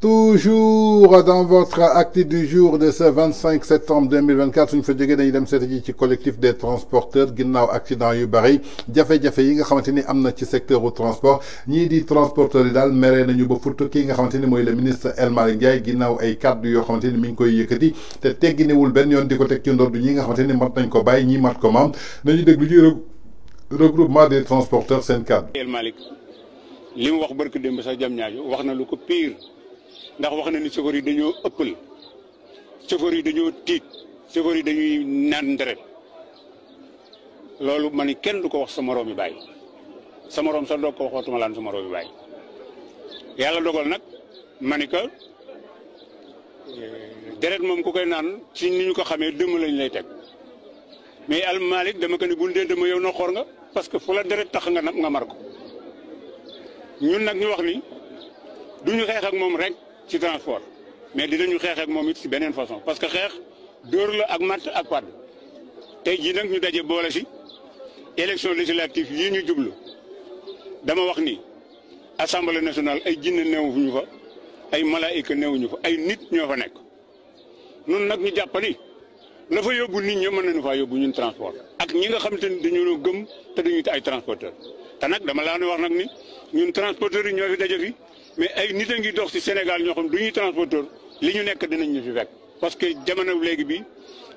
toujours dans votre acte du jour de ce 25 septembre 2024 une fa jógee dañuy dem seeta ji ci collectif des transporteurs ginnaaw accident yu bari jafe-jafe yi nga xamante ni am na ci secteur du transport ñii di transporteurs yi daal mere nañu ba furtu kii nga xamante ni le ministre El Malik, Ndiaye ginnaaw ay kàddu yoo xamante ni mi ngi koy yëkkati te tegginiwul benn yoon di ko teg ci ndordu ñi nga xamante ni mat nañ ko bàyyi ñi mat ko maam nañu déglu ci regroupement des transporteurs seen kàddu lim wax barki démb sa jam ñaajo wax na lu ko pire ndax wax na ni chauffeur yi dañoo ëppal chauffeur yi dañoo tiit chauffeur yi dañuy naan deret loolu man kenn du ko wax sama romi yi sama rom sa doog ko waxootuma laan sa moroom yi dogal nak mani ko eh, deret mom ku koy nan ci niñu ko dem lañ lay tek mais al malik dama ko ni bul dee dama yow no xor nga parce que fula deret tax nga nga mar ko ñun nag ñu wax ni duñu xeex ak moom rek ci transport mais dinañu xeex ak moom it ci beneen façon parce que xeex dóor la ak matt ak padd tey jii nag ñu daje boole si élection législative yii ñu jublu dama wax ni assemblée national ay jinne néewuñu fa ay malaayika néewuñu fa ay nit ñoo fa nekk nun nag ñu jàpp ni la fa yóbbu nit ñi mën nañu faa yóbbu ñun transport ak ñi nga xam te ne gëm te dañuy ay transporteur te nag dama laa wax nag ni ñun transporteurs yi ñoo fi daje fi mais ay nit a ngi dox si Sénégal ñoo xam du ñuy transporteur li ñu nekk dinañ ñu fi fekk parce que jamono léegi bi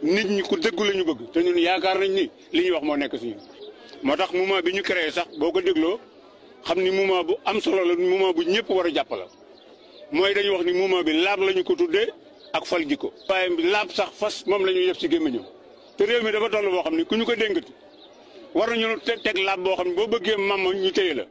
nit ñi ku dëggu la ñu bëgg te ñun yaakaar nañ ni li ñuy wax moo nekk suñu moo tax mouvement bi ñu créé sax boo ko dégloo xam ni mouvement bu am solo la mouvement bu ñëpp war a jàpp mooy dañu wax ni mouvement bi laab la ñu ko tuddee ak fal ko waaye bi laab sax fas moom la ñuy yëf si gémmiñam te réew mi dafa toll boo xam ni ku ñu ko dénkati war nañu teg làmb boo xam ne boo bëggee mam ñu téye la.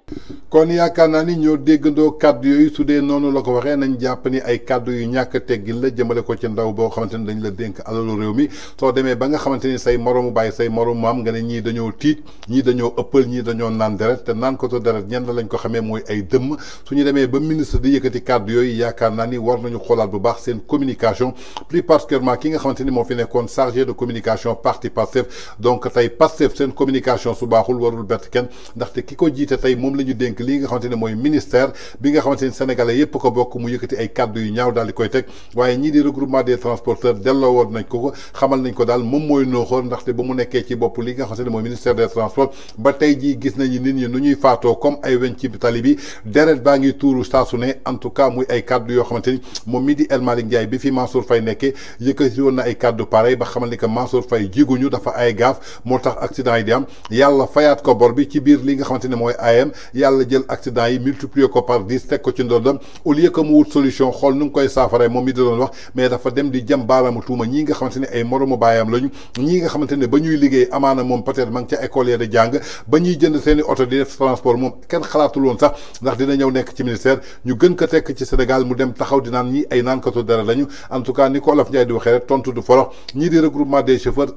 kon yaakaar naa ni ñoo déggandoo kàddu yooyu su dee noonu la ko waxee nañ jàpp ni ay kàddu yu ñàkk teggin la jëmale ko ci ndaw boo xamante ni dañ la dénk alalu réew mi soo demee ba nga xamante ni say moroomu bàyyi say moroomu maam nga ne ñii dañoo tiit ñii dañoo ëppal ñii dañoo naan deret te naan ko to deret ñen lañ ko xamee mooy ay dëmm su ñu demee ba ministre di yëkkati kàddu yooyu yaakaar naa ni war nañu xoolaat bu baax seen communication plus particulièrement ki nga xamante ni moo fi nekkoon chargé de communication parti Pastef donc tey Pastef seen communication su baaxul warul bett kenn ndaxte ki ko jiite tey moom la ñu dénk dénk lii nga xamante ne mooy ministère bi nga xamante ne sénégalais yépp ko bokk mu yëkkati ay kàddu yu ñaaw daal di koy teg waaye ñii di regroupement des transporteurs delloo woon nañ ko ko xamal nañ ko daal moom mooy nooxoor ndaxte ba mu nekkee ci bopp li nga xamante ne mooy ministère des transports ba tey jii gis nañu nit ñi nu ñuy faatoo comme ay weñ ci tali bi deret baa ngi tuuru saa su ne en tout cas muy ay kàddu yoo xamante ni moom mii di El Malick Ndiaye bi fi Mansour Fay nekkee yëkkati woon na ay kàddu pareil ba xamal ni que Mansour Fay jiguñu dafa ay gaaf moo tax accident yi di am yàlla fayaat ko bor bi ci biir li nga xamante ne mooy am yàlla jël accident yi multiplier ko par dix teg ko ci ndodam au mu wut solution xool nu ngi koy saafara moom mi da doon wax mais dafa dem di jëm baaraamu tuuma ñii nga xamante ne ay moromu baayam lañu ñii nga xamante ne ba ñuy liggéey amaana moom peut-être ma ca école ya di jàng ba ñuy jënd seen i oto di def transport moom kenn xalaatul woon sax ndax dina ñëw nekk ci ministère ñu gën ko tekk ci Sénégal mu dem taxaw di naan ñi ay naankatu dara lañu en tout cas ni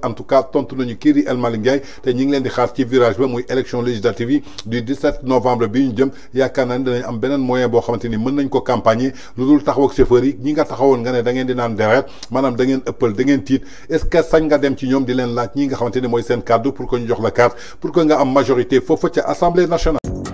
en tout cas tontu nañu kii di El Malick Ndiaye te bi bi ñu jëm yaakaar naa ne danañ am beneen moyen boo xamante ni mën nañ ko campagne lu dul taxaw ak chauffeur yi ñi nga taxawoon nga ne da di naan deret maanaam da ngeen ëppal da tiit est sañ nga dem ci ñoom di leen laaj ñi nga xamante ni mooy seen kàddu pour que ñu jox la carte pour que nga am majorité foofu ca assemblée nationale